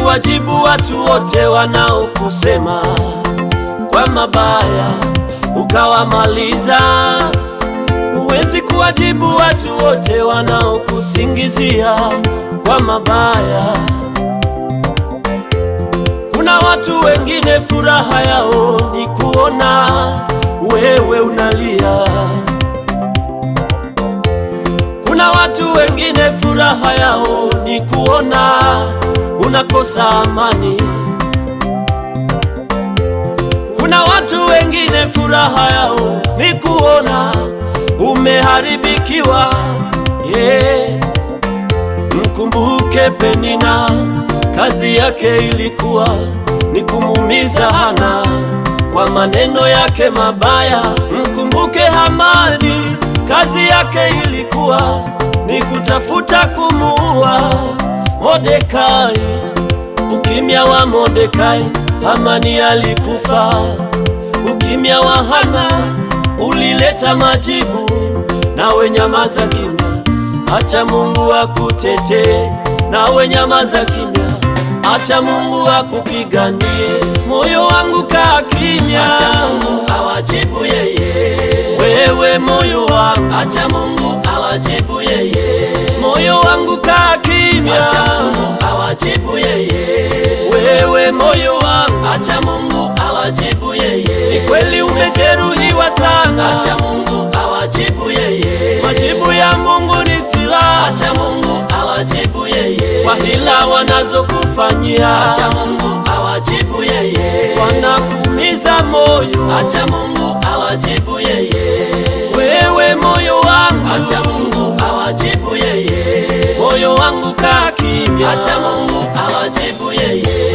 kuwajibu watu wote wanaokusema kwa mabaya ukawamaliza. Huwezi kuwajibu watu wote wanaokusingizia kwa mabaya. Kuna watu wengine furaha yao ni kuona wewe unalia. Kuna watu wengine furaha yao ni kuona unakosa amani. Kuna watu wengine furaha yao ni kuona umeharibikiwa, yeah. Mkumbuke Penina, kazi yake ilikuwa ni kumuumiza Hana kwa maneno yake mabaya. Mkumbuke Hamani, kazi yake ilikuwa ni kutafuta kumuua. Mordekai. Ukimya wa modekai Hamani alikufa. Ukimya wa Hana ulileta majibu, nawe nyamaza kimya, acha Mungu akutetee. Nawe nyamaza kimya, acha Mungu akupiganie. Moyo wangu kaa kimya, acha Mungu awajibu yeye. Wewe moyo wangu, acha Mungu awajibu yeye. Moyo wangu kaa kimya, awajibu yeye. Wewe moyo wangu, acha Mungu awajibu yeye. Ni kweli umejeruhiwa sana, acha Mungu awajibu yeye. Majibu ya Mungu ni silaha, acha Mungu awajibu yeye. Kwa hila wanazokufanyia, acha Mungu awajibu yeye. Wanakuumiza moyo, acha Mungu awajibu moyo wangu kaa kimya, acha Mungu awajibu yeye.